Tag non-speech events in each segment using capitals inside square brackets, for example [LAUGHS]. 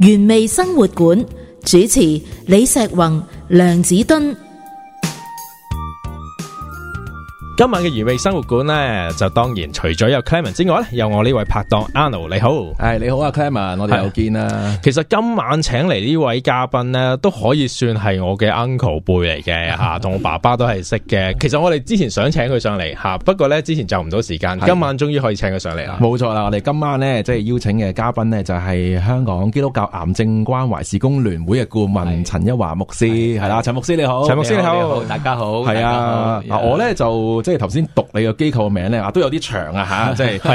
原味生活館主持李石宏、梁子敦。今晚嘅餘味生活館咧，就當然除咗有 Clement 之外咧，有我呢位拍檔 Anno，你好，係、哎、你好啊 Clement 我哋又見啦、啊。其實今晚請嚟呢位嘉賓咧，都可以算係我嘅 uncle 輩嚟嘅吓，同、 [LAUGHS] 啊、我爸爸都係識嘅。其實我哋之前想請佢上嚟吓，不過咧之前就唔到時間、啊，今晚終於可以請佢上嚟啦。冇錯啦，我哋今晚咧即係邀請嘅嘉賓咧，就係、是、香港基督教癌症關懷事工聯會嘅顧問陳一華牧師，係啦、啊，陳、啊啊、牧師你好，陳牧師你好，你，好你，好你好，大家好，係啊，嗱、yeah 啊、我咧就。即係頭先讀你個機構個名咧，話、啊、都有啲長啊嚇，即係係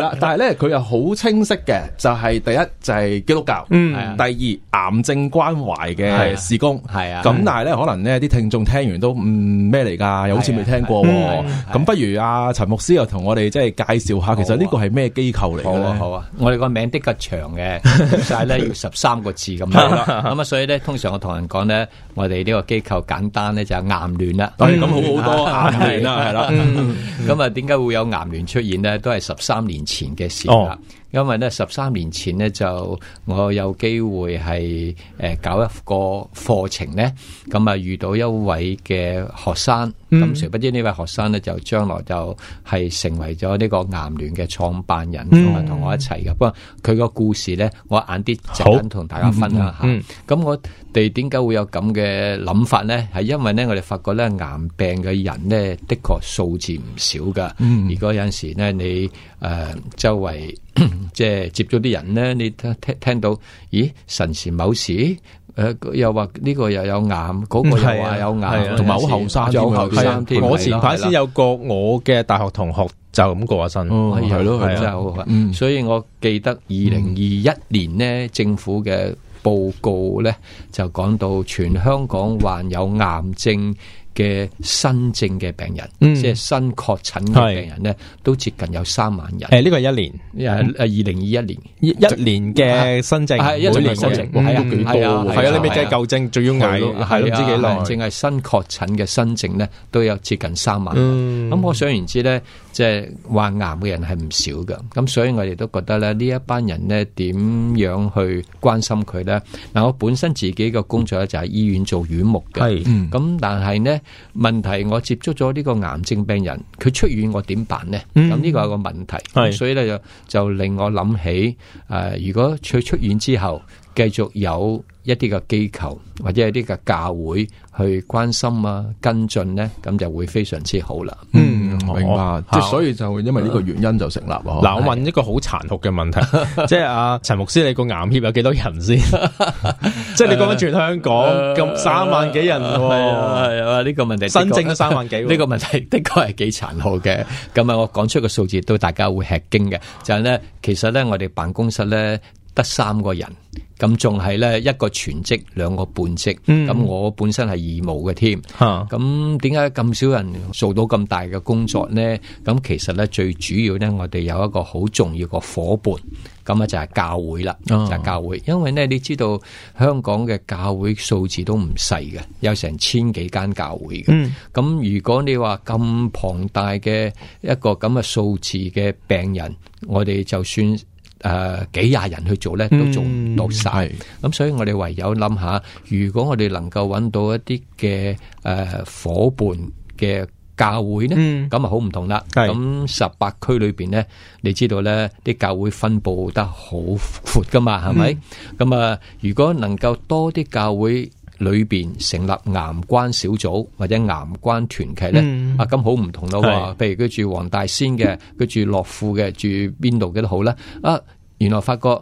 啦。就是、 [LAUGHS] 但係咧佢又好清晰嘅，就係、是、第一就係、是、基督教，嗯、第二、啊、癌症關懷嘅事工，係啊。咁但係咧、啊、可能咧啲聽眾聽完都唔咩嚟㗎，又好似未聽過。咁、啊啊啊啊、不如阿、啊、陳牧師又同我哋即係介紹下，其實呢個係咩機構嚟咧、啊？好啊，好啊。我哋個名的確長嘅，但係 [LAUGHS] 咧要十三個字咁樣。咁啊，所以咧通常我同人講咧，我哋呢個機構簡單咧就係癌聯啦。咁、 [LAUGHS] 嗯欸、好好多癌聯 [LAUGHS] 係 [LAUGHS] 啦、 [LAUGHS] 嗯，咁、嗯、啊，點 [LAUGHS] 解會有癌聯出現咧？都係十三年前嘅事啦、哦。因為咧十三年前呢，就我有機會係誒、呃、搞一個課程咧，咁、嗯、啊遇到一位嘅學生，咁、嗯、誰不知呢位學生咧就將來就係成為咗呢個癌聯嘅創辦人，同埋同我一齊嘅。不過佢個故事咧，我晏啲好同大家分享下。咁、嗯嗯嗯、我哋點解會有咁嘅諗法咧？係因為咧我哋發覺咧癌病嘅人咧的確數字唔少噶。嗯、如果有陣時咧你誒、呃、周圍。 [COUGHS] 即係接咗啲人咧，你聽聽到，咦？神前某事，誒、呃，又話呢個又有癌，嗰、那個又話有癌，同埋好後生有後生添、啊。我前排先、啊、有個我嘅大學同學就咁過身，係、嗯、咯，係真係好好。所以我記得二零二一年呢、嗯、政府嘅報告咧就講到全香港患有癌症。嗯嗯嘅新症嘅病人，嗯、即係新確診嘅病人咧，都接近有三萬人。誒，呢個係一年，誒、嗯、誒，二零二一年一年嘅新症係一年新症，係啊，係啊，係、嗯、啊，你未計舊症，仲要捱，係唔知幾耐。淨係、啊、新確診嘅新症咧，都有接近三萬。咁、嗯啊嗯、我想然之咧。即係患癌嘅人係唔少噶，咁所以我哋都覺得咧，呢一班人咧點樣去關心佢咧？嗱，我本身自己嘅工作咧就喺醫院做院牧嘅，咁但係咧，問題我接觸咗呢個癌症病人，佢出院我點辦咧？咁呢個係一個問題，咁所以咧就就令我諗起誒，如果佢出院之後繼續有。一啲嘅機構或者係啲嘅教會去關心啊、跟進呢，咁就會非常之好啦。嗯，明白。哦、即、哦、所以就會因為呢個原因就成立。嗱、嗯嗯，我問一個好殘酷嘅問題，即係阿陳牧師，你個癌協有幾多？ [LAUGHS] [LAUGHS] [LAUGHS] [LAUGHS] 多人先、啊？即係你講翻轉香港咁三萬幾人，係啊，呢個問題，新症都三萬幾。呢個問題的確係幾殘酷嘅。咁啊， [LAUGHS] [LAUGHS] 我講出個數字，都大家會吃驚嘅。就係、是、呢其實呢我哋辦公室呢得三個人，咁仲係咧一個全職，兩個半職。咁我本身係義務嘅添。咁點解咁少人做到咁大嘅工作呢？咁其實呢，最主要呢，我哋有一個好重要個伙伴，咁啊就係教會啦，就係教會。因為呢，你知道香港嘅教會數字都唔細嘅，有成千幾間教會嘅。咁如果你話咁龐大嘅一個咁嘅數字嘅病人，我哋就算。誒、呃，幾廿人去做咧，都做唔到晒。咁、嗯、所以我哋唯有諗下，如果我哋能夠搵到一啲嘅誒伙伴嘅教會咧，咁啊好唔同啦。咁十八區裏邊咧，你知道咧啲教會分布得好闊噶嘛，係咪？咁、嗯、啊，如果能夠多啲教會。裏邊成立岩關小組或者岩關團契咧，啊咁好唔同咯。譬如佢住黃大仙嘅，佢住樂富嘅，住邊度嘅都好啦。啊，原來發覺。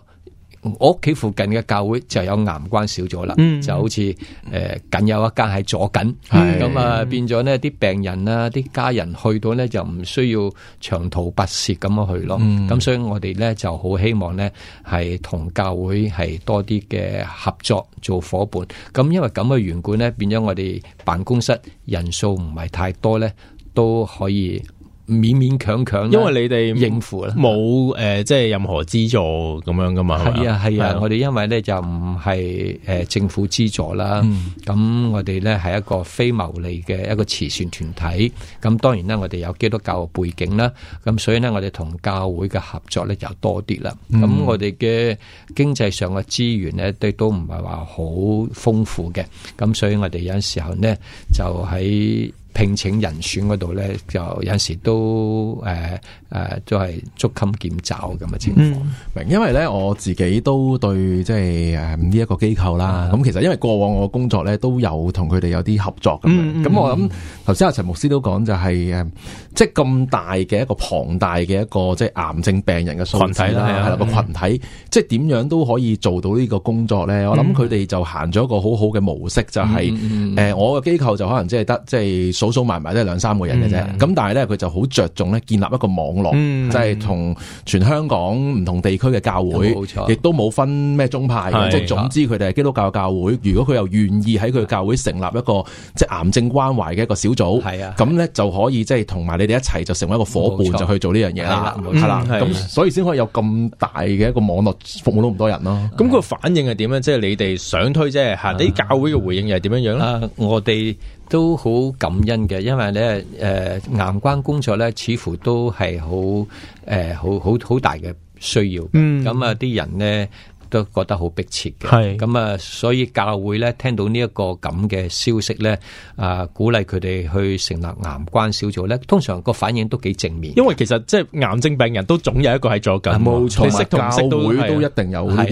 我屋企附近嘅教會就有岩關少咗啦，嗯，就好似誒，僅、呃、有一間喺左近，咁啊變咗呢啲病人啊，啲家人去到呢就唔需要長途跋涉咁樣去咯。咁、嗯、所以我哋呢就好希望呢係同教會係多啲嘅合作做伙伴。咁因為咁嘅緣故呢，變咗我哋辦公室人數唔係太多呢都可以，勉勉強強，因為你哋應付啦，冇、嗯、誒、呃，即係任何資助咁樣噶嘛。係啊係啊，啊，我哋因為咧就唔係誒政府資助啦，咁、嗯、我哋咧係一個非牟利嘅一個慈善團體。咁當然啦，我哋有基督教嘅背景啦，咁所以呢，我哋同教會嘅合作咧就多啲啦。咁、嗯、我哋嘅經濟上嘅資源咧，都都唔係話好豐富嘅。咁所以我哋有陣時候呢，就喺。聘請人選嗰度咧，就有時都誒誒、呃呃，都係捉襟見肘咁嘅情況。嗯、明，因為咧我自己都對即係誒呢一個機構啦。咁、嗯、其實因為過往我工作咧都有同佢哋有啲合作咁，咁、嗯、我諗頭先阿陳牧師都講就係、是、即係咁大嘅一個龐大嘅一個即係癌症病人嘅群體啦，係啦個羣體，即係點樣都可以做到呢個工作咧、嗯。我諗佢哋就行咗一個好好嘅模式，嗯、就係、是、誒、嗯呃、我嘅機構就可能即係得即係數數埋埋都係兩三個人嘅啫，咁、嗯、但係咧佢就好着重咧建立一個網絡，即係同全香港唔同地區嘅教會，亦都冇分咩宗派，即、嗯、係總之佢哋係基督教教會。如果佢又願意喺佢教會成立一個即係癌症關懷嘅一個小組，咁咧就可以即係同埋你哋一齊就成為一個伙伴，就去做呢樣嘢啦，係啦，咁所以先可以有咁大嘅一個網絡服務到咁多人咯。咁佢反應係點樣？即係你哋想推即係吓啲教會嘅回應又係點樣樣、啊、我哋。都好感恩嘅，因為咧，誒、呃，院牧工作咧，似乎都係好，誒、呃，好好好大嘅需要。嗯，咁啊，啲人咧，都覺得好迫切嘅，咁啊，所以教會咧聽到呢一個咁嘅消息咧，啊，鼓勵佢哋去成立癌關小組咧，通常個反應都幾正面。因為其實即係癌症病人都總有一個喺咗緊，冇錯。識同唔識到都一定有嘅，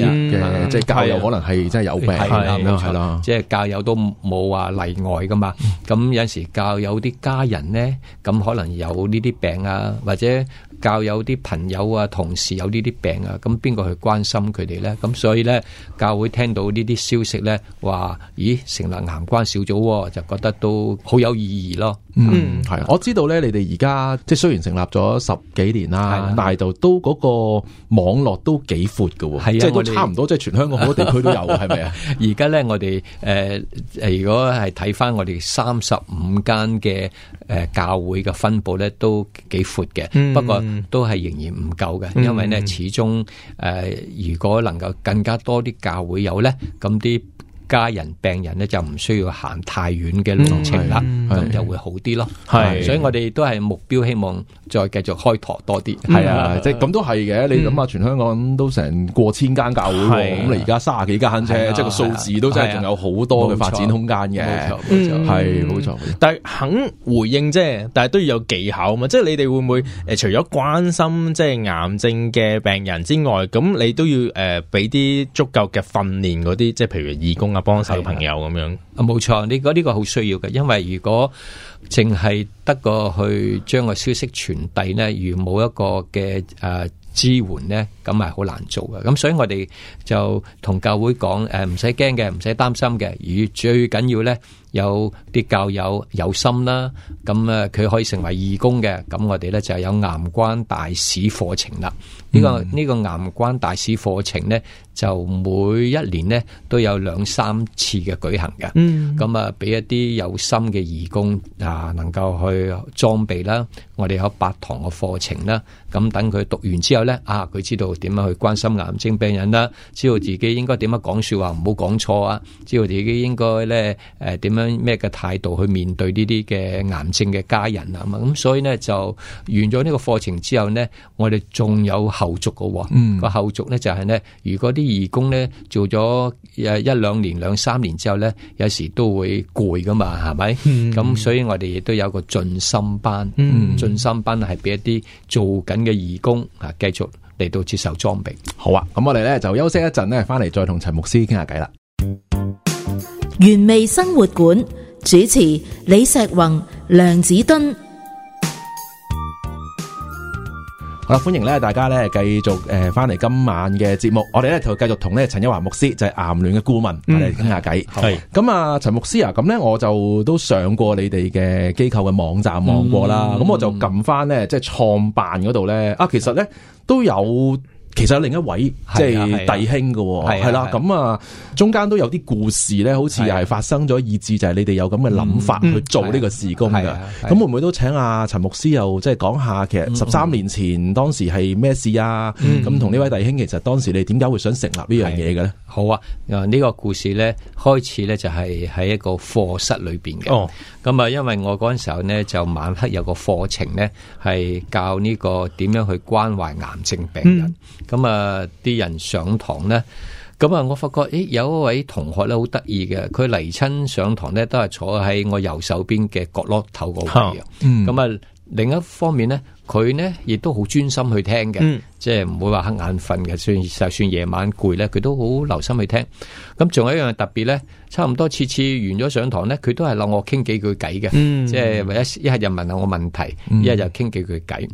即係教友可能係真係有病，冇錯啦。即係教友都冇話例外噶嘛。咁有陣時教友啲家人咧，咁可能有呢啲病啊，或者。教有啲朋友啊、同事有呢啲病啊，咁邊個去關心佢哋咧？咁所以咧，教會聽到呢啲消息咧，話咦成立癌關小組，啊，就覺得都好有意義咯。嗯，係，我知道咧，你哋而家即係雖然成立咗十幾年啦、啊，但係就都嗰個網絡都幾闊嘅，即係、啊就是、都差唔多，即係全香港好多地區都有，係咪啊？而家咧，我哋誒、呃，如果係睇翻我哋三十五間嘅誒教會嘅分佈咧，都幾闊嘅，不過都係仍然唔夠嘅，因為咧始終誒、呃，如果能夠更加多啲教會有咧，咁啲。家人、病人咧就唔需要行太遠嘅路程啦，咁、嗯嗯、就會好啲咯。係，所以我哋都係目標，希望再繼續開拓多啲。係、嗯、啊，即係咁都係嘅。你諗下，全香港都成過千間教會，咁你、啊嗯啊、而家卅幾間啫，即係個數字都真係仲有好多嘅發展空間嘅。係冇錯，但係肯回應即係，但係都要有技巧啊嘛。即係你哋會唔會誒除咗關心即係癌症嘅病人之外，咁你都要誒俾啲足夠嘅訓練嗰啲，即係譬如義工。啊幫手朋友咁樣，啊冇錯，你覺得呢個好需要嘅，因為如果淨係得個去將個消息傳遞呢，而冇一個嘅誒支援呢，咁係好難做嘅。咁所以我哋就同教會講，誒唔使驚嘅，唔使擔心嘅，而最緊要呢。有啲教友有心啦，咁啊佢可以成為義工嘅，咁我哋咧就有岩關大使課程啦。呢個呢個岩關大使課程咧，就每一年咧都有兩三次嘅舉行嘅。咁、嗯、啊，俾一啲有心嘅義工啊，能夠去裝備啦，我哋有八堂嘅課程啦。咁等佢讀完之後咧，啊佢知道點樣去關心癌症病人啦，知道自己應該點樣講說話，唔好講錯啊，知道自己應該咧誒點樣。咩嘅態度去面對呢啲嘅癌症嘅家人啊，咁所以呢，就完咗呢個課程之後呢，我哋仲有後續嘅、啊，個、嗯、後續呢，就係、是、呢：如果啲義工呢做咗誒一兩年、兩三年之後呢，有時都會攰噶嘛，係咪？咁、嗯、所以我哋亦都有個盡心班，嗯，盡心班係俾一啲做緊嘅義工啊，繼續嚟到接受裝備。好啊，咁我哋呢，就休息一陣呢，翻嚟再同陳牧師傾下偈啦。原味生活館主持李石宏、梁子敦，好啦，歡迎咧大家咧繼續誒翻嚟今晚嘅節目，我哋咧就繼續同咧陳一華牧師就係癌聯嘅顧問，我哋傾下偈。係咁啊，陳牧師啊，咁咧我就都上過你哋嘅機構嘅網站望過啦，咁、嗯、我就撳翻咧即係創辦嗰度咧啊，其實咧都有。其實有另一位即係弟兄嘅，係啦，咁啊，啊啊啊嗯、中間都有啲故事咧，好似又係發生咗，以致就係你哋有咁嘅諗法去做呢個事工嘅。咁會唔會都請阿陳牧師又即係講下，其實十三年前當時係咩事啊？咁同呢位弟兄，其實當時你點解會想成立呢樣嘢嘅咧？好啊，呢、呢個故事咧，開始咧就係喺一個課室裏邊嘅。哦，咁啊，因為我嗰陣時候呢，就晚黑有個課程呢，係教呢個點樣去關懷癌症病人。嗯咁啊，啲人上堂咧，咁啊，我發覺，咦，有一位同學咧好得意嘅，佢嚟親上堂咧，都係坐喺我右手邊嘅角落頭嗰位啊，咁、嗯、啊。另一方面咧，佢呢亦都好專心去聽嘅、嗯，即係唔會話瞌眼瞓嘅，算就算夜晚攰咧，佢都好留心去聽。咁仲有一樣特別咧，差唔多次次完咗上堂咧，佢都係留我傾幾句偈嘅、嗯，即係一係就問下我問題，嗯、一係就傾幾句偈。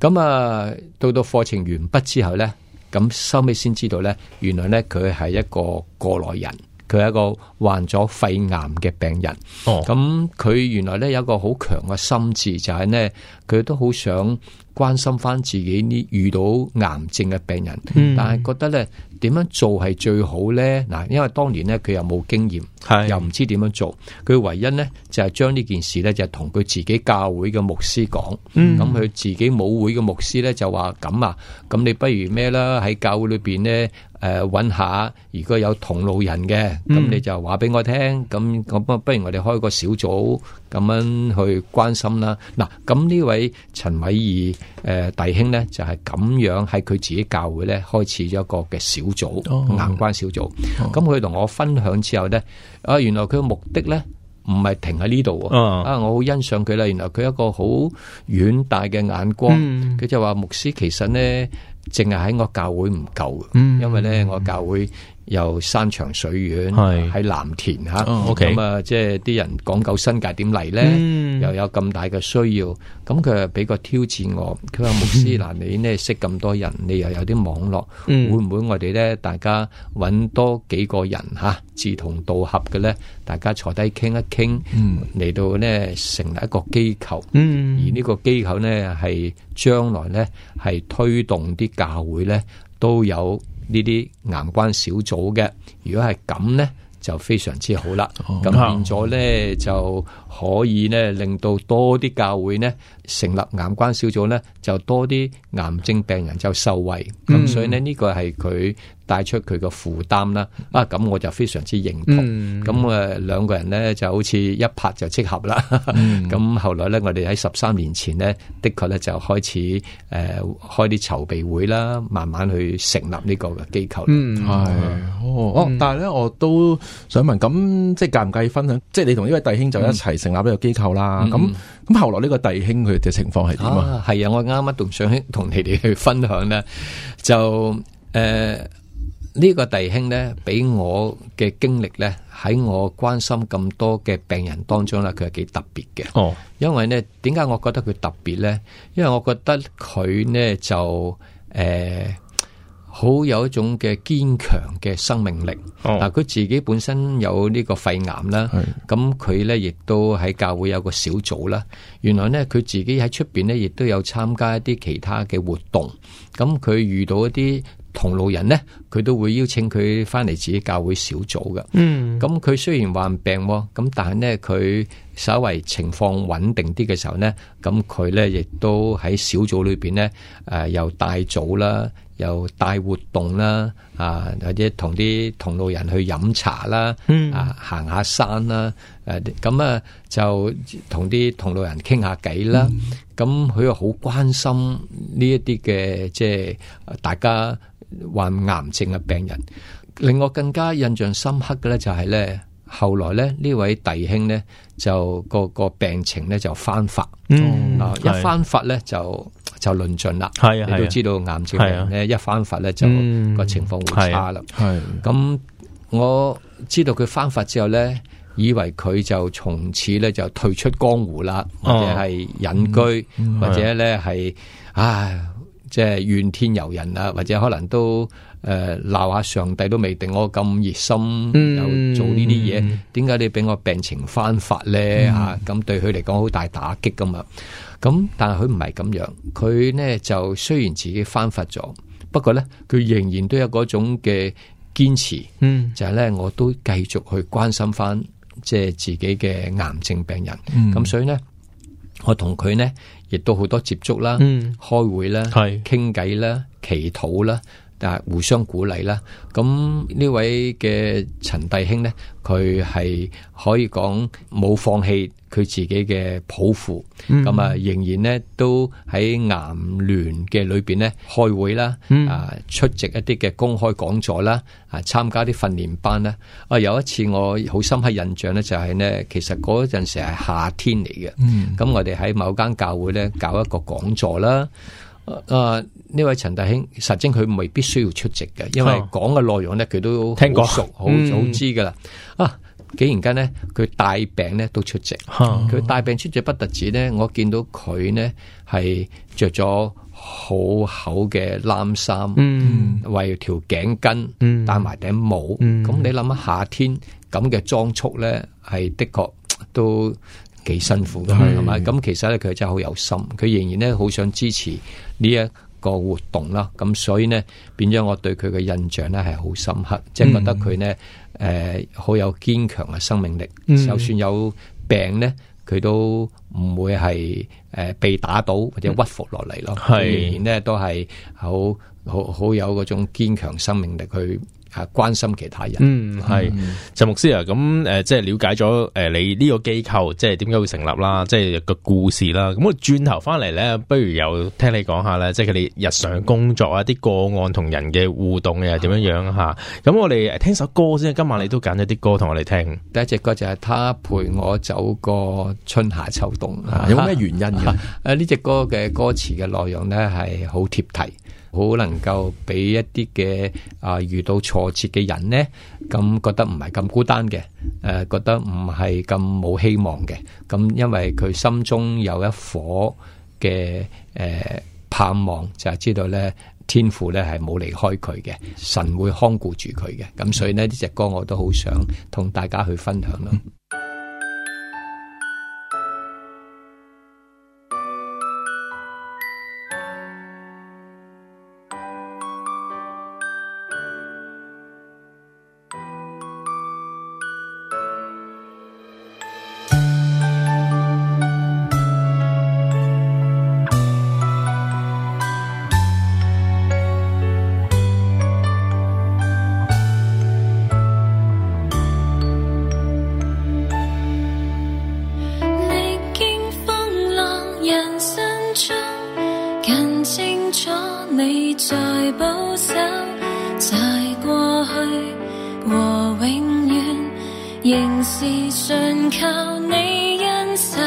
咁、嗯、啊，到到課程完畢之後咧，咁收尾先知道咧，原來咧佢係一個過來人，佢係一個。患咗肺癌嘅病人，哦，咁佢原來咧有一個好強嘅心智，就係咧，佢都好想關心翻自己呢遇到癌症嘅病人。嗯、但係覺得咧點樣做係最好咧嗱，因為當年咧佢又冇經驗，又唔知點樣做，佢唯一咧就係將呢件事咧就同佢自己教會嘅牧師講，咁、嗯、佢自己母會嘅牧師咧就話，咁啊，咁你不如咩啦喺教會裏邊咧，誒揾下如果有同路人嘅，咁、嗯、你就話。話俾我聽，咁咁不，不如我哋開個小組咁樣去關心啦。嗱，咁呢位陳偉儀誒弟兄咧，就係咁樣喺佢自己教會咧，開始咗一個嘅小組，難關小組。咁佢同我分享之後咧，啊，原來佢嘅目的咧唔係停喺呢度啊！啊，我好欣賞佢啦。原來佢一個好遠大嘅眼光，佢就話牧師，其實咧，淨係喺我教會唔夠，因為咧我教會。又山長水遠，喺藍田吓，咁、哦啊，okay、啊，即係啲人講究新界點嚟咧，又有咁大嘅需要，咁佢又俾個挑戰我。佢話牧師嗱， [LAUGHS] 你呢識咁多人，你又有啲網絡，嗯、會唔會我哋咧，大家搵多幾個人吓，志同道合嘅咧，大家坐低傾一傾，嚟、嗯、到咧成立一個機構，嗯、而這個機構呢個機構咧係將來咧係推動啲教會咧都有。呢啲癌關小組嘅，如果係咁呢，嗯、就非常之好啦。咁變咗呢，就可以呢，令到多啲教會呢成立癌關小組呢，就多啲癌症病人就受惠。咁、嗯、所以呢，呢、呢個係佢。帶出佢個負擔啦，啊咁我就非常之認同。咁、嗯、誒，兩個人呢就好似一拍就即合啦。咁、嗯、 [LAUGHS] 後來呢，我哋喺十三年前呢，的確呢就開始誒、呃、開啲籌備會啦，慢慢去成立呢個嘅機構。嗯，係哦、嗯、哦但係呢，我都想問，咁即係介唔介意分享？即係你同呢位弟兄就一齊成立呢個機構啦。咁、嗯、咁後來呢個弟兄佢嘅情況係點啊？係啊，我啱啱同想同你哋去分享呢，就誒。呃呢個弟兄呢，俾我嘅經歷呢，喺我關心咁多嘅病人當中呢，佢係幾特別嘅。哦，因為呢，點解我覺得佢特別呢？因為我覺得佢呢就誒，好有一種嘅堅強嘅生命力。哦，嗱，佢自己本身有呢個肺癌啦，咁佢呢亦都喺教會有個小組啦。原來呢，佢自己喺出邊呢，亦都有參加一啲其他嘅活動。咁佢遇到一啲同路人呢。佢都會邀請佢翻嚟自己教會小組嘅。嗯，咁佢雖然患病、啊，咁但係咧佢稍為情況穩定啲嘅時候咧，咁佢咧亦都喺小組裏邊咧，誒、呃、又帶組啦，又帶活動啦，啊或者同啲同路人去飲茶啦，嗯、啊行下山啦，誒咁啊就同啲同路人傾下偈啦。咁、嗯、佢又好關心呢一啲嘅，即係大家，患癌症嘅病人，令我更加印象深刻嘅咧，就係咧後來咧呢位弟兄咧就個個病情咧就翻發，啊、嗯、一翻發咧就就論盡啦，係啊，你都知道癌症病人咧一翻發咧就個、嗯、情況會差啦，係。咁我知道佢翻發之後咧，以為佢就從此咧就退出江湖啦、哦，或者係隱居、嗯，或者咧係唉。即係怨天尤人啊，或者可能都誒鬧下上帝都未定，我咁熱心、嗯、又做呢啲嘢，點、嗯、解你俾我病情翻發咧吓？咁、嗯啊、對佢嚟講好大打擊噶嘛？咁但係佢唔係咁樣，佢咧就雖然自己翻發咗，不過咧佢仍然都有嗰種嘅堅持。嗯，就係、是、咧我都繼續去關心翻即係自己嘅癌症病人。嗯，咁所以咧我同佢咧。亦都好多接觸啦、嗯，開會啦，係傾偈啦，祈禱啦。但互相鼓勵啦，咁呢位嘅陳弟兄呢，佢係可以講冇放棄佢自己嘅抱負，咁、嗯、啊仍然呢都喺癌聯嘅裏邊呢開會啦，啊、嗯、出席一啲嘅公開講座啦，啊參加啲訓練班啦。啊有一次我好深刻印象呢、就是，就係呢其實嗰陣時係夏天嚟嘅，咁、嗯、我哋喺某間教會呢搞一個講座啦。誒、呃，呢位陳大兄實證佢未必需要出席嘅，因為講嘅內容咧，佢都聽過熟，好、嗯、早知噶啦。啊，竟然間咧，佢帶病咧都出席。佢、嗯、帶病出席不特止咧，我見到佢咧係着咗好厚嘅冷衫，衫，嗯、圍條頸巾戴埋頂帽。咁、嗯、你諗下夏天咁嘅裝束咧，係的確都。幾辛苦噶係嘛？咁其實咧，佢真係好有心，佢仍然咧好想支持呢一個活動啦。咁所以呢，變咗我對佢嘅印象咧係好深刻，即、嗯、係、就是、覺得佢呢誒好、呃、有堅強嘅生命力、嗯。就算有病呢，佢都唔會係誒、呃、被打倒或者屈服落嚟咯。仍、嗯、然呢都係好好好有嗰種堅強生命力去。係關心其他人，嗯，係陳牧師啊，咁，誒、呃，即係了解咗誒、呃，你呢個機構即係點解會成立啦，即係個故事啦。咁我轉頭翻嚟咧，不如又聽你講下咧，即係佢哋日常工作一些啊，啲個案同人嘅互動又點樣樣吓。咁我哋聽首歌先，今晚你都揀咗啲歌同我哋聽。第一隻歌就係他陪我走過春夏秋冬，啊、有冇咩原因啊？誒、啊、呢、啊、隻、啊、歌嘅歌詞嘅內容咧係好貼題。好能夠俾一啲嘅，啊，遇到挫折嘅人呢，咁覺得唔係咁孤單嘅，誒、呃、覺得唔係咁冇希望嘅，咁因為佢心中有一火嘅誒盼望，就係、是、知道呢天父呢係冇離開佢嘅，神會看顧住佢嘅，咁所以呢呢隻歌我都好想同大家去分享咯。你在保守，在過去和永遠，仍是純靠你恩手。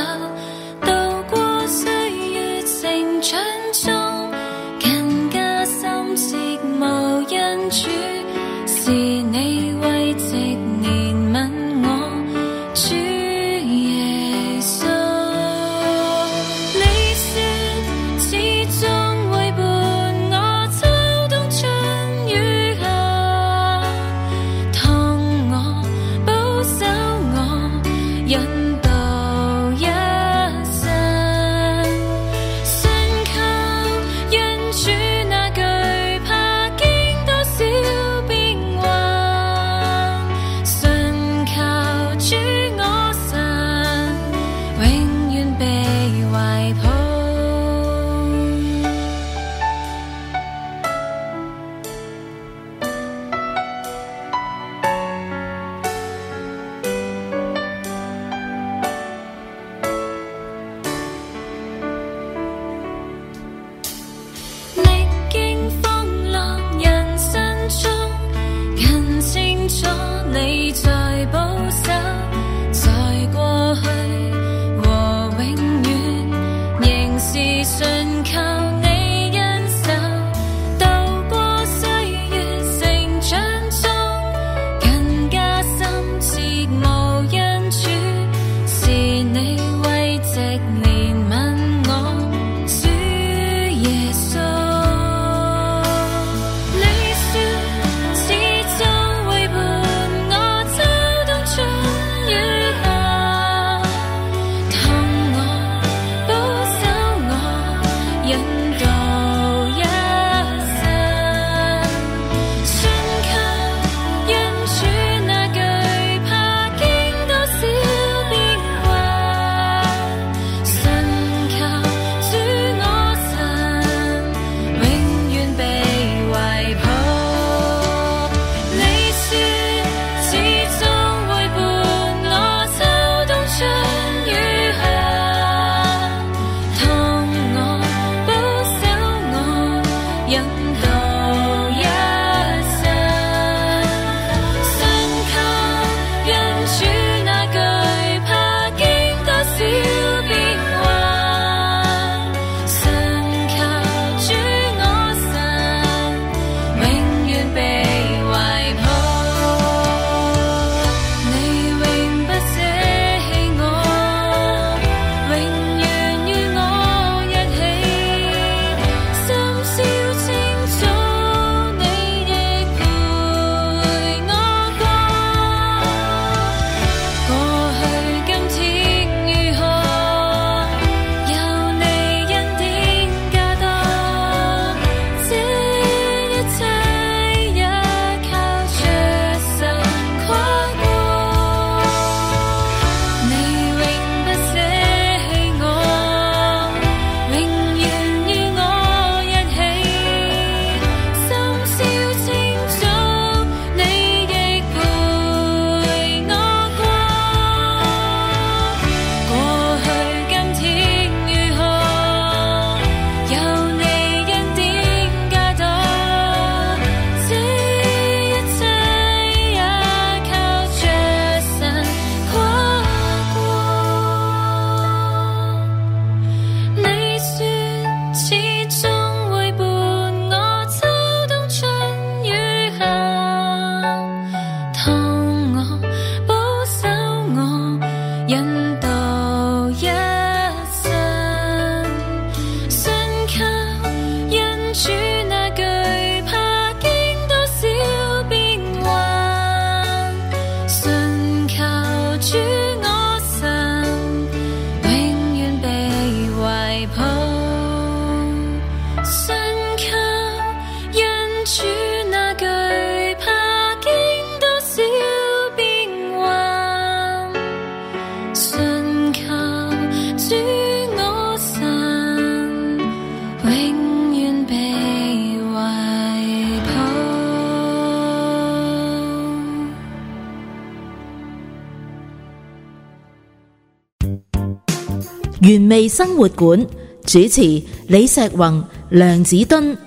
味生活館主持李石宏、梁子敦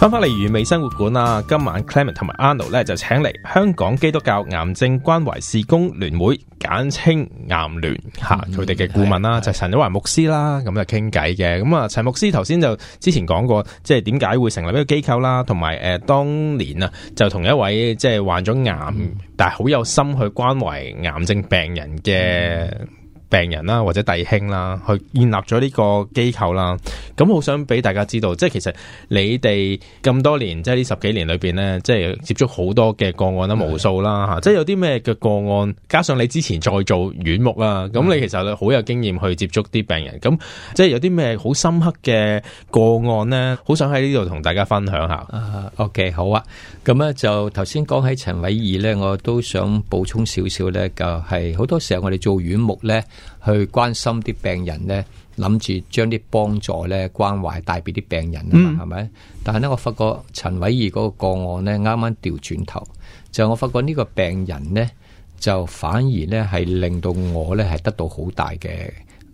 翻返嚟原味生活館啊，今晚 Clement 同埋 Arnold 咧就請嚟香港基督教癌症關懷事工聯會。簡稱癌聯吓，佢哋嘅顧問啦、嗯，就陳一華牧師啦，咁就傾偈嘅。咁啊，陳牧師頭先就之前講過，即係點解會成立呢個機構啦，同埋誒，當年啊，就同一位即係患咗癌，嗯、但係好有心去關懷癌症病人嘅。嗯病人啦，或者弟兄啦，去建立咗呢個機構啦。咁好想俾大家知道，即係其實你哋咁多年，即係呢十幾年裏邊呢，即係接觸好多嘅個案啦，無數啦吓。即係有啲咩嘅個案，加上你之前再做院牧啦，咁你其實你好有經驗去接觸啲病人。咁即係有啲咩好深刻嘅個案呢，好想喺呢度同大家分享下。啊，OK，好啊。咁咧就頭先講起陳偉儀呢，我都想補充少少呢，就係好多時候我哋做院牧呢。去關心啲病人咧，諗住將啲幫助咧、關懷帶俾啲病人啊，係咪？但係咧，我發覺陳偉儀嗰個個案咧，啱啱掉轉頭，就我發覺呢個病人咧，就反而咧係令到我咧係得到好大嘅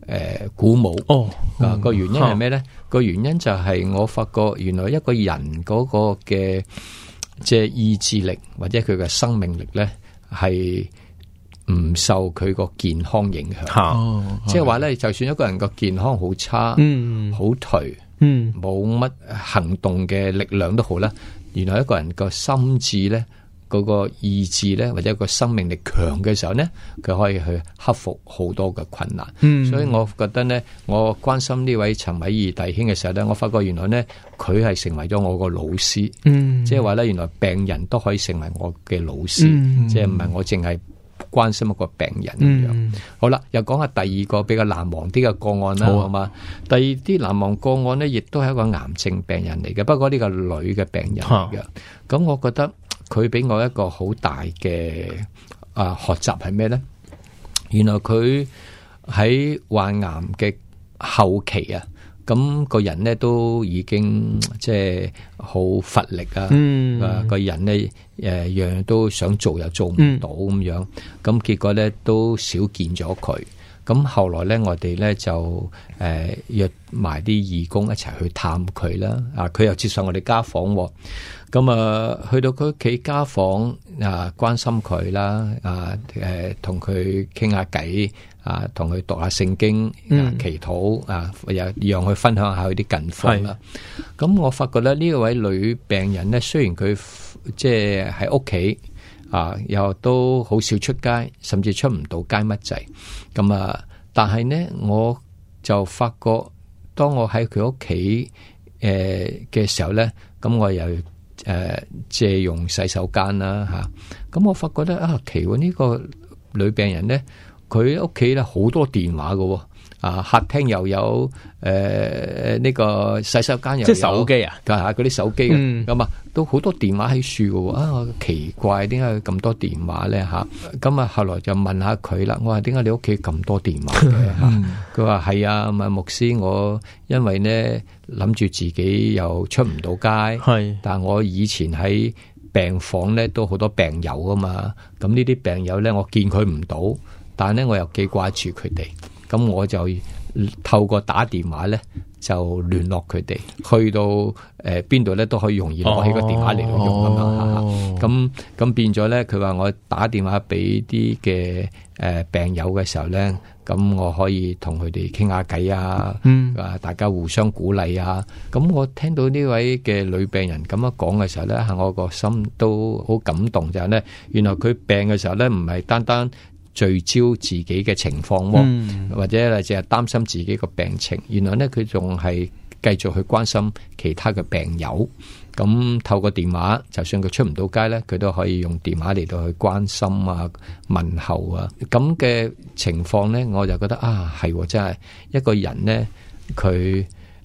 誒鼓舞哦。啊，個原因係咩咧？個原因就係我發覺原來一個人嗰個嘅即係意志力，或者佢嘅生命力咧係。唔受佢個健康影響。哦，即係話咧，就算一個人個健康好差，嗯，好頹，嗯，冇乜行動嘅力量都好啦。原來一個人個心智咧，嗰、那個意志咧，或者個生命力強嘅時候咧，佢可以去克服好多嘅困難。嗯。所以我覺得咧，我關心呢位陳偉義弟兄嘅時候咧，我發覺原來咧，佢係成為咗我個老師。嗯，即係話咧，原來病人都可以成為我嘅老師。嗯、即係唔係我淨係。關心一個病人咁樣、嗯，好啦，又講下第二個比較難忘啲嘅個案啦，好嘛、啊？第二啲難忘個案咧，亦都係一個癌症病人嚟嘅，不過呢個女嘅病人嚟嘅。咁、啊、我覺得佢俾我一個好大嘅啊學習係咩咧？原來佢喺患癌嘅後期啊。咁、那個人咧都已經即係好乏力啊、嗯！啊，個人咧誒、呃，樣樣都想做又做唔到咁樣，咁結果咧都少見咗佢。咁後來咧，我哋咧就誒、呃、約埋啲義工一齊去探佢啦。啊，佢又接受我哋家訪。咁啊，去到佢屋企家訪啊，關心佢啦，啊，誒，同佢傾下偈，啊，同佢讀下聖經，啊，祈禱，啊，又讓佢分享下佢啲近況啦。咁我發覺咧，呢位女病人咧，雖然佢即係喺屋企，啊，又都好少出街，甚至出唔到街乜滯。咁啊，但係咧，我就發覺，當我喺佢屋企誒嘅時候咧，咁我又。誒、呃、借用洗手間啦、啊、嚇，咁、啊、我發覺咧啊，奇怪呢、呢個女病人咧，佢屋企咧好多電話㗎喎，哦。啊！客廳又有誒呢、呃這個洗手間又有即手機啊，吓、啊、嗰啲手機咁、嗯、啊，都好多電話喺樹嘅啊，奇怪，點解咁多電話咧？吓、啊、咁啊,啊，後來就問下佢啦。我話點解你屋企咁多電話？佢話係啊，咪、嗯、牧師，我因為咧諗住自己又出唔到街，係，但我以前喺病房咧都好多病友啊嘛，咁呢啲病友咧我見佢唔到，但係咧我又記掛住佢哋。咁我就透過打電話咧，就聯絡佢哋，去到誒邊度咧都可以容易攞起個電話嚟用咁咁、哦、變咗咧，佢話我打電話俾啲嘅誒病友嘅時候咧，咁我可以同佢哋傾下偈啊，啊、嗯、大家互相鼓勵啊。咁我聽到呢位嘅女病人咁樣講嘅時候咧，係我個心都好感動，就係咧，原來佢病嘅時候咧，唔係單單。聚焦自己嘅情況、嗯、或者就係擔心自己個病情。原來咧，佢仲係繼續去關心其他嘅病友。咁透過電話，就算佢出唔到街咧，佢都可以用電話嚟到去關心啊、問候啊。咁嘅情況咧，我就覺得啊，係、哦、真係一個人咧，佢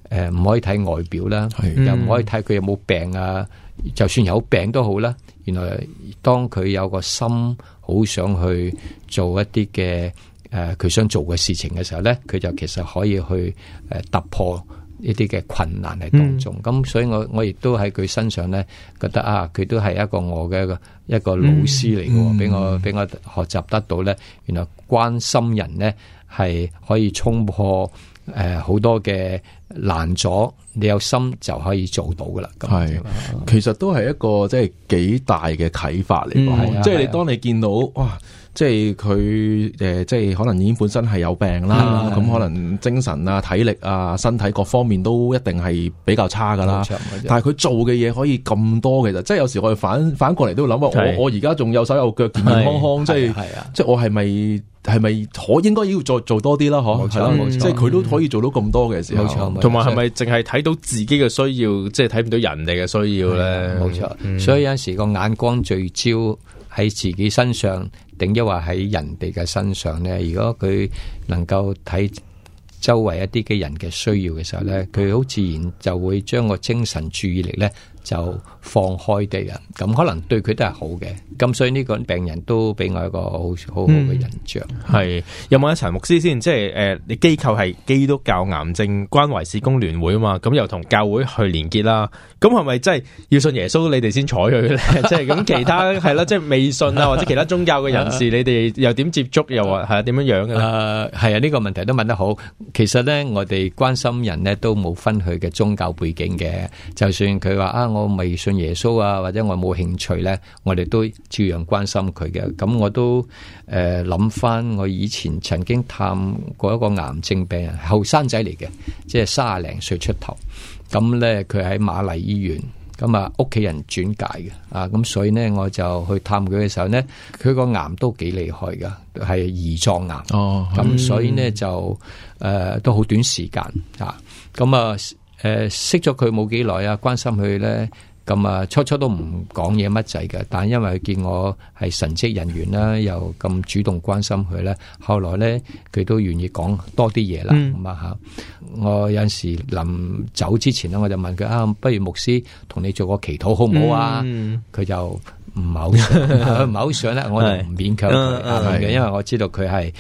誒唔可以睇外表啦，嗯、又唔可以睇佢有冇病啊。就算有病都好啦。原來當佢有個心，好想去做一啲嘅誒，佢、呃、想做嘅事情嘅時候咧，佢就其實可以去誒、呃、突破一啲嘅困難喺當中。咁、嗯、所以我我亦都喺佢身上咧，覺得啊，佢都係一個我嘅一個一個老師嚟嘅，俾、嗯、我俾我學習得到咧。原來關心人咧係可以衝破誒好、呃、多嘅難阻。你有心就可以做到噶啦，係、即係，其實都係一個即係、即係、幾大嘅啟發嚟講，即、嗯、係、啊即係、你當你見到、啊、哇。即係佢、誒，即係可能已經本身係有病啦。咁、嗯、可能精神啊、嗯、體力啊、身體各方面都一定係比較差噶啦。但係佢做嘅嘢可以咁多，其實即係有時我哋反反過嚟都要諗我而家仲有手有腳、健健康康，即係、啊、即係我係咪係咪可應該要做做多啲啦？嗬，係啦、啊嗯，即係佢都可以做到咁多嘅時候。冇錯，同埋係咪淨係睇到自己嘅需要，即係睇唔到人哋嘅需要咧？冇錯，所以有陣時個眼光聚焦喺自己身上。定抑或喺人哋嘅身上咧，如果佢能夠睇周圍一啲嘅人嘅需要嘅時候咧，佢好自然就會將個精神注意力咧。就放開啲啊！咁可能對佢都係好嘅，咁所以呢個病人都俾我一個好好好嘅印象。係有冇一華牧師先？即係誒，你機構係基督教癌症關懷事工聯會啊嘛，咁又同教會去連結啦。咁係咪真係要信耶穌你哋先睬佢咧？即係咁其他係啦，即係未信啊，或者其他宗教嘅人士，你哋又點接觸？又話係點樣樣噶咧？係啊，呢個問題都問得好。其實咧，我哋關心人咧都冇分佢嘅宗教背景嘅，就算佢話啊。我未信耶穌啊，或者我冇興趣咧，我哋都照樣關心佢嘅。咁我都誒諗翻我以前曾經探過一個癌症病人，後生仔嚟嘅，即係卅零歲出頭。咁咧佢喺瑪麗醫院，咁啊屋企人轉介嘅啊。咁所以咧我就去探佢嘅時候咧，佢個癌都幾厲害噶，係胰臟癌。哦，咁、嗯、所以咧就誒、呃、都好短時間啊。咁啊。誒，識咗佢冇幾耐啊，關心佢，咧，咁啊初初都唔講嘢乜滯嘅，但係因為佢見我係神職人員啦，又咁主動關心佢咧，後來咧佢都願意講多啲嘢啦。咁啊吓，我有陣時臨走之前咧，我就問佢啊，不如牧師同你做個祈禱好唔好啊？佢、嗯、就。唔係好唔係好想咧， [LAUGHS] 我唔勉強嘅，因為我知道佢係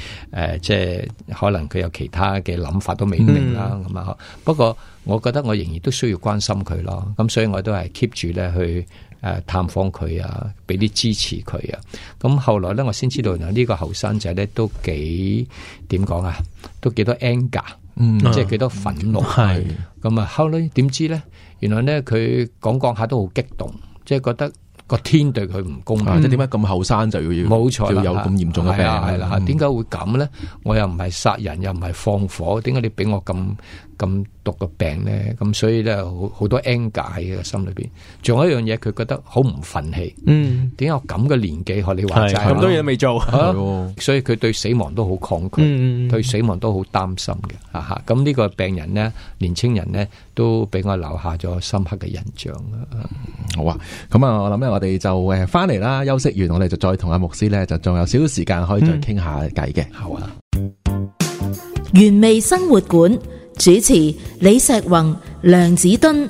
誒，即係可能佢有其他嘅諗法都未明啦咁啊。不過我覺得我仍然都需要關心佢咯。咁所以我都係 keep 住咧去誒、呃、探訪佢啊，俾啲支持佢啊。咁後來咧，我先知道呢個後生仔咧都幾點講啊，都幾多 anger，、嗯嗯、即係幾多憤怒。係咁啊，後來點知咧，原來咧佢講講下都好激動，即係覺得。個天對佢唔公平，或者點解咁後生就要要，冇錯，要有咁嚴重嘅病？係啦，點解、嗯、會咁咧？我又唔係殺人，又唔係放火，點解你俾我咁？咁毒嘅病咧，咁所以咧，好好多 anger 喺個心裏邊。仲有一樣嘢，佢覺得好唔憤氣。嗯，點解我咁嘅年紀，學你話齋咁多嘢未做，啊嗯？所以佢對死亡都好抗拒，嗯，對死亡都好擔心嘅。啊哈，咁呢個病人呢，年青人呢，都俾我留下咗深刻嘅印象啦，嗯。好啊，咁啊，我諗咧，我哋就誒翻嚟啦，休息完，我哋就再同阿牧師咧，就仲有少少時間可以再傾下偈，嗯，嘅。好啊，原味生活館。主持李石宏、梁子敦，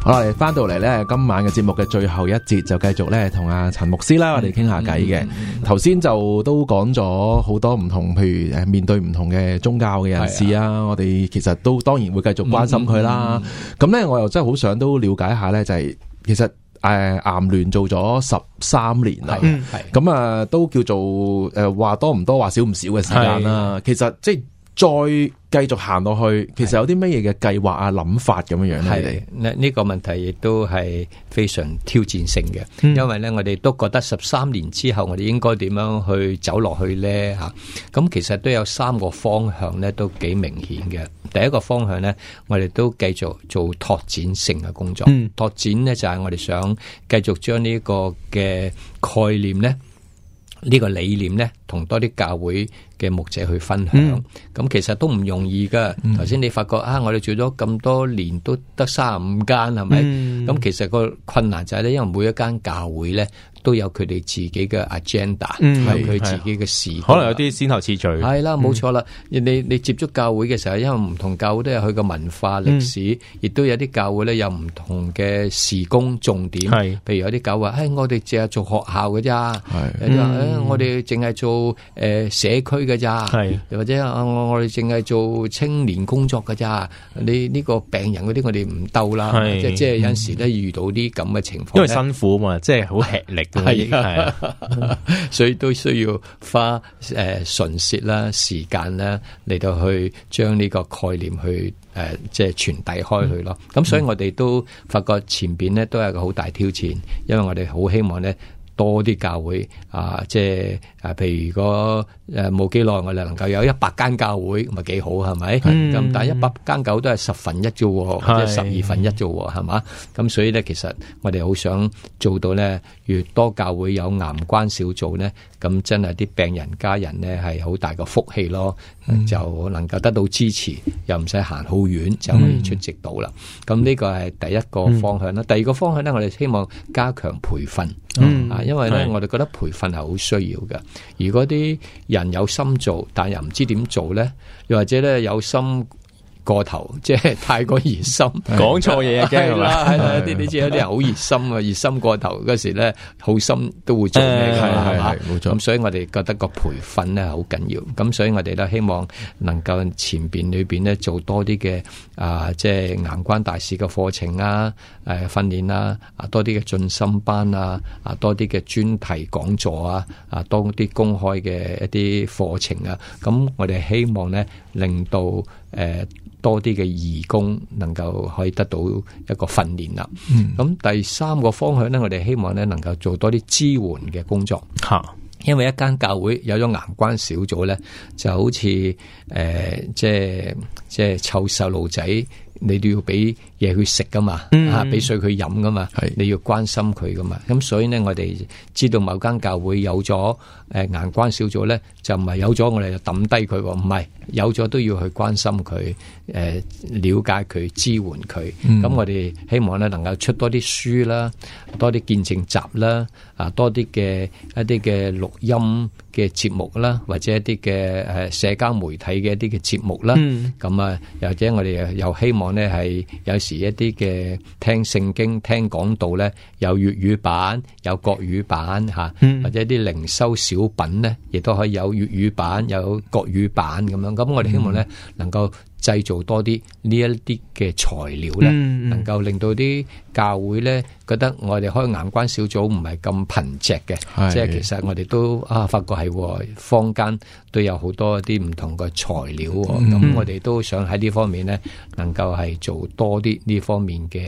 好啦，翻到嚟咧，今晚嘅節目嘅最後一節，就繼續咧同阿陳牧師啦，我哋傾下偈嘅。頭、嗯、先、嗯嗯嗯、就都講咗好多唔同，譬如誒面對唔同嘅宗教嘅人士啊，我哋其實都當然會繼續關心佢啦。咁、嗯、咧、嗯嗯，我又真係好想都了解下咧、就是，就係其實。誒、呃，巖聯做咗十三年啦，係咁啊，都叫做誒，話、呃、多唔多，話少唔少嘅時間啦。其實即係再繼續行落去，其實有啲乜嘢嘅計劃啊、諗法咁樣樣呢？係，呢呢個問題亦都係非常挑戰性嘅，因為呢我哋都覺得十三年之後我哋應該點樣去走落去呢吓？咁其實都有三個方向呢，都幾明顯嘅。第一個方向呢，我哋都繼續做拓展性嘅工作，拓展呢就係我哋想繼續將呢個嘅概念呢。呢、這個理念咧，同多啲教會嘅牧者去分享，咁、嗯、其實都唔容易㗎。頭、嗯、先你發覺啊，我哋做咗咁多年，都得三十五間，係咪？咁、嗯、其實個困難就係、是、咧，因為每一間教會咧。都有佢哋自己嘅 agenda，係、嗯、佢自己嘅事，可能有啲先後次序。係啦，冇錯啦。你你接觸教會嘅時候，因為唔同教會都有佢嘅文化歷史，亦、嗯、都有啲教會咧有唔同嘅時工重點，係，譬如有啲教會，唉、哎，我哋淨係做學校嘅咋，係，有啲話唉，我哋淨係做誒社區嘅咋，係，或者、嗯哎、我們只是、呃是或者啊、我哋淨係做青年工作嘅咋，你呢個病人嗰啲，我哋唔兜啦。係，即、就、係、是、有陣時咧遇到啲咁嘅情況，因為辛苦啊嘛，即係好吃力。係啊，啊嗯、 [LAUGHS] 所以都需要花誒、呃、唇舌啦、時間啦，嚟到去將呢個概念去誒、呃，即係傳遞開去咯。咁所以我哋都發覺前面咧都係一個好大挑戰，因為我哋好希望咧多啲教會啊，即係。誒、啊，譬如如果誒冇幾耐，呃、我哋能夠有一百間教會，咪幾好係咪？咁、嗯、但係一百間狗都係十分一啫、啊，即係十二分一啫、啊，係嘛？咁所以咧，其實我哋好想做到咧，越多教會有癌關小組咧，咁真係啲病人家人咧係好大個福氣咯、嗯，就能夠得到支持，又唔使行好遠就可以出席到啦。咁、嗯、呢個係第一個方向啦、啊嗯。第二個方向咧，我哋希望加強培訓、嗯，啊，因為咧我哋覺得培訓係好需要嘅。如果啲人有心做，但又唔知點做呢？又或者咧有心過頭，即係太過熱心，講錯嘢嘅係嘛？啲啲即係啲人好熱心啊，熱心過頭嗰時咧，好心都會做係冇錯。咁 [LAUGHS] 所以我哋覺得個培訓咧好緊要。咁所以我哋都希望能夠前邊裏邊咧做多啲嘅啊，即係癌關大使嘅課程啊，誒訓練啊，多啲嘅進心班啊，啊多啲嘅專題講座啊，啊多啲公開嘅一啲課程啊。咁我哋希望咧。令到誒、呃、多啲嘅義工能夠可以得到一個訓練啦。咁、嗯、第三個方向咧，我哋希望咧能夠做多啲支援嘅工作。嚇，因為一間教會有咗癌關小組咧，就好似誒、呃，即係即係湊細路仔，你都要俾嘢去食噶嘛，嚇、mm. 俾，啊、水佢飲噶嘛，你要關心佢噶嘛。咁所以咧，我哋知道某間教會有咗誒癌關小組咧，就唔係有咗我哋就抌低佢喎。唔係有咗都要去關心佢，誒、呃、了解佢，支援佢。咁、mm. 我哋希望咧能夠出多啲書啦，多啲見證集啦，啊多啲嘅一啲嘅錄音嘅節目啦，或者一啲嘅誒社交媒體嘅一啲嘅節目啦。咁、mm. 啊，或者我哋又希望咧係有。時一啲嘅聽聖經聽講到咧，有粵語版，有國語版吓，或者一啲靈修小品咧，亦都可以有粵語版，有國語版咁樣。咁我哋希望咧，能夠。製造多啲呢一啲嘅材料咧、嗯，能夠令到啲教會咧覺得我哋開眼關小組唔係咁貧瘠嘅，即係其實我哋都啊發覺係、啊、坊間都有好多啲唔同嘅材料，咁、嗯、我哋都想喺呢方面咧、嗯、能夠係做多啲呢方面嘅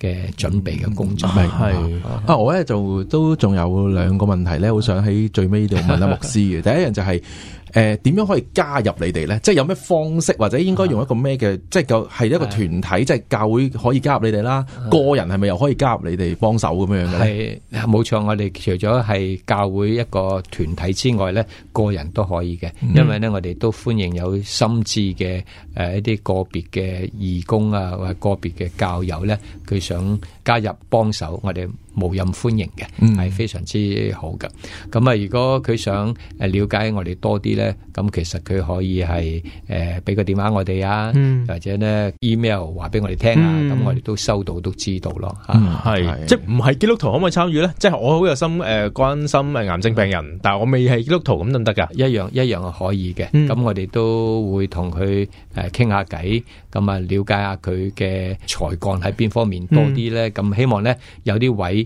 嘅準備嘅工作。係啊，啊，啊，啊，我咧就都仲有兩個問題咧，好、嗯、想喺最尾度問阿 [LAUGHS] 牧師嘅。第一樣就係、是。誒、呃，點樣可以加入你哋咧？即係有咩方式，或者應該用一個咩嘅？啊，即係教係一個團體，是啊、即係教會可以加入你哋啦、啊。個人係咪又可以加入你哋幫手咁樣嘅？係冇錯，我哋除咗係教會一個團體之外咧，個人都可以嘅。因為咧，我哋都歡迎有心志嘅誒一啲個別嘅義工啊，或者個別嘅教友咧，佢想加入幫手，我哋。無任歡迎嘅，係、嗯、非常之好嘅。咁啊，如果佢想誒瞭解我哋多啲咧，咁其實佢可以係誒俾個電話我哋啊、嗯，或者呢 email 話俾我哋聽啊，咁、嗯、我哋都收到都知道咯。嚇、嗯、係即係唔係基督徒可唔可以參與咧？即、就、係、是、我好有心誒、呃、關心誒癌症病人，嗯、但係我未係基督徒，咁得唔得㗎？一樣一樣係可以嘅。咁、嗯、我哋都會同佢誒傾下偈，咁、呃、啊了解下佢嘅才幹喺邊方面、嗯、多啲咧。咁希望咧有啲位。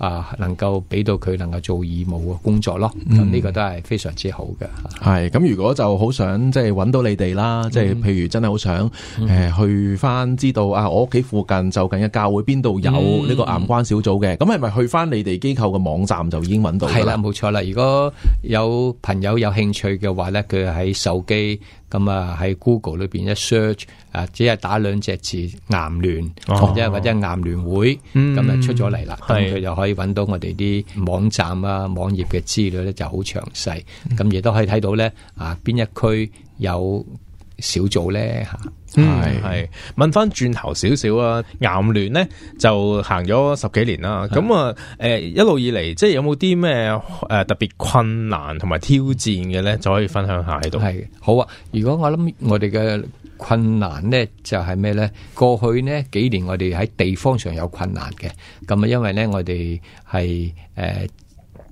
啊，能夠俾到佢能夠做義務嘅工作咯，咁、嗯、呢個都係非常之好嘅。係、嗯、咁，如果就好想即係揾到你哋啦，嗯、即係譬如真係好想誒、嗯呃、去翻知道啊，我屋企附近就近嘅教會邊度有呢個癌關小組嘅，咁係咪去翻你哋機構嘅網站就已經揾到？係啦、啊，冇錯啦。如果有朋友有興趣嘅話咧，佢喺手機咁啊喺 Google 裏邊一 search，啊只係打兩隻字癌聯、哦、或者或者癌聯會咁啊、嗯、出咗嚟啦，佢就可以。搵到我哋啲網站啊、網頁嘅資料咧就好詳細，咁亦都可以睇到咧啊邊一區有小組咧吓，係、嗯、係問翻轉頭少少啊，癌聯咧就行咗十幾年啦，咁啊誒一路以嚟，即係有冇啲咩誒特別困難同埋挑戰嘅咧，就可以分享下喺度。係好啊，如果我諗我哋嘅。困難咧就係咩咧？過去呢幾年我哋喺地方上有困難嘅，咁啊因為咧我哋係誒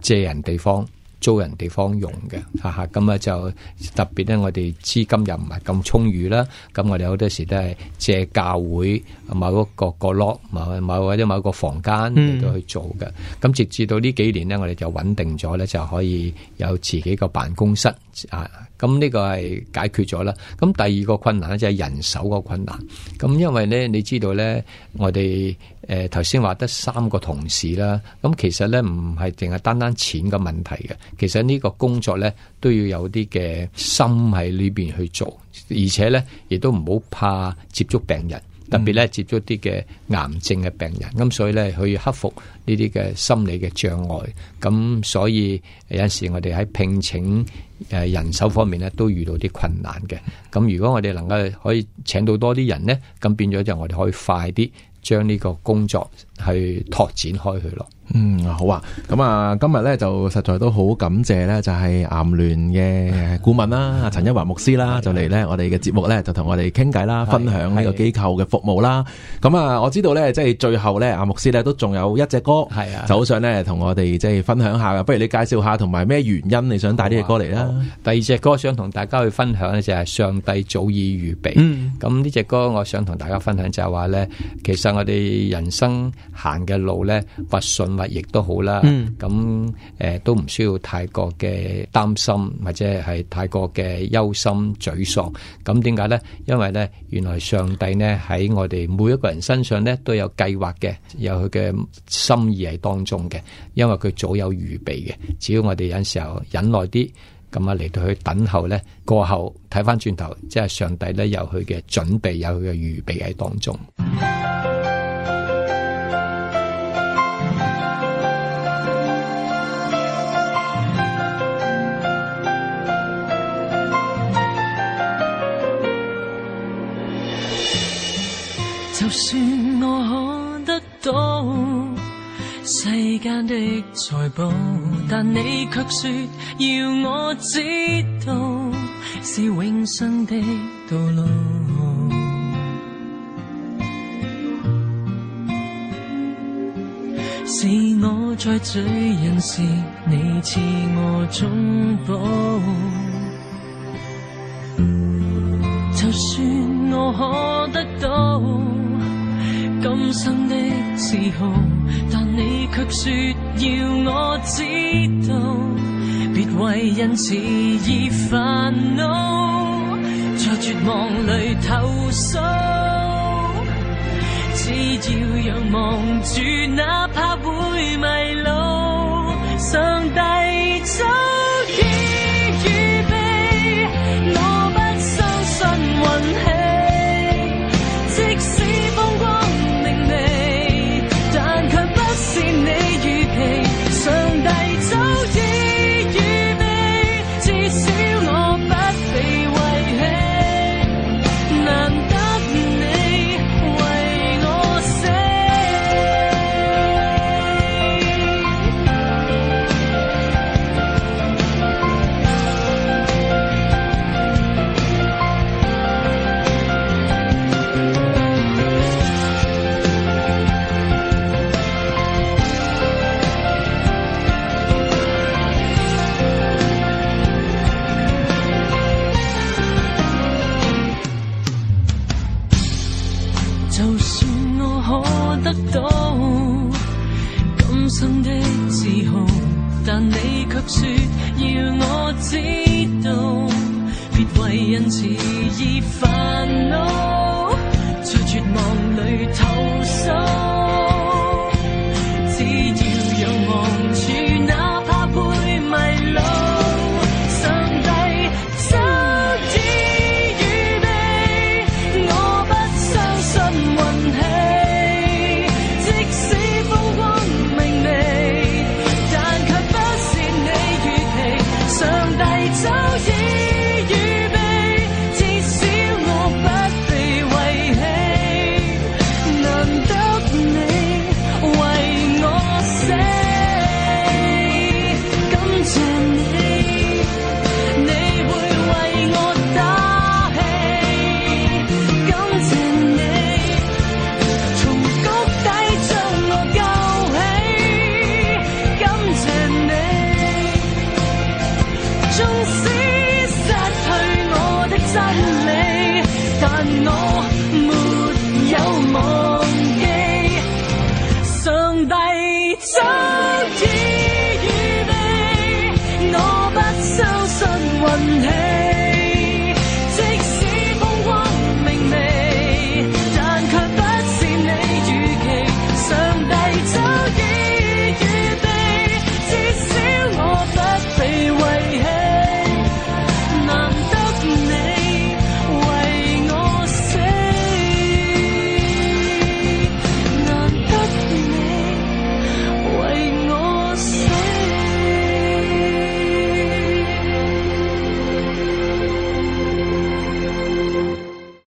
借人地方租人地方用嘅，吓吓，咁啊就特別咧我哋資金又唔係咁充裕啦，咁我哋好多時都係借教會某一個角落、某個個 lock，某或者某個房間嚟到去做嘅。咁直至到呢幾年咧，我哋就穩定咗咧，就可以有自己個辦公室啊。咁呢個係解決咗啦。咁第二個困難呢，就係人手個困難。咁因為呢，你知道呢，我哋誒頭先話得三個同事啦。咁其實呢，唔係淨係單單錢嘅問題嘅。其實呢個工作呢，都要有啲嘅心喺裏邊去做，而且呢，亦都唔好怕接觸病人，嗯、特別呢，接觸啲嘅癌症嘅病人。咁所以呢，佢去克服呢啲嘅心理嘅障礙。咁所以有陣時我哋喺聘請。誒、呃、人手方面咧都遇到啲困難嘅，咁如果我哋能夠可以請到多啲人咧，咁變咗就我哋可以快啲將呢個工作。係拓展開去咯，嗯，好啊，咁啊今日咧就實在都好感謝咧，就係癌聯嘅顧問啦，陳、嗯、一華牧師啦，嗯、就嚟咧、嗯、我哋嘅節目咧就同我哋傾偈啦，分享呢個機構嘅服務啦。咁啊我知道咧即係最後咧阿牧師咧都仲有一隻歌係啊，就好想咧同我哋即係分享下，不如你介紹下同埋咩原因你想帶呢隻歌嚟啦？啊，第二隻歌想同大家去分享咧就係上帝早已預備，咁呢隻歌我想同大家分享就係話咧，其實我哋人生。行嘅路呢，或順或逆都好啦。咁、嗯、誒、呃，都唔需要太過嘅擔心，或者係太過嘅憂心、沮喪。咁點解呢？因為呢，原來上帝呢喺我哋每一個人身上呢都有計劃嘅，有佢嘅心意喺當中嘅。因為佢早有預備嘅，只要我哋有陣時候忍耐啲，咁啊嚟到去等候呢，過後睇翻轉頭，即、就、係、是、上帝呢有佢嘅準備，有佢嘅預備喺當中。嗯就算我可得到世間的財寶，但你卻說要我知道是永生的道路。 [MUSIC] 是我在最人時，你賜我忠告。就算我可得到。今生的自豪，但你卻說要我知道，別為因此而煩惱，在絕望裏投訴。只要仰望住，哪怕會迷路，上帝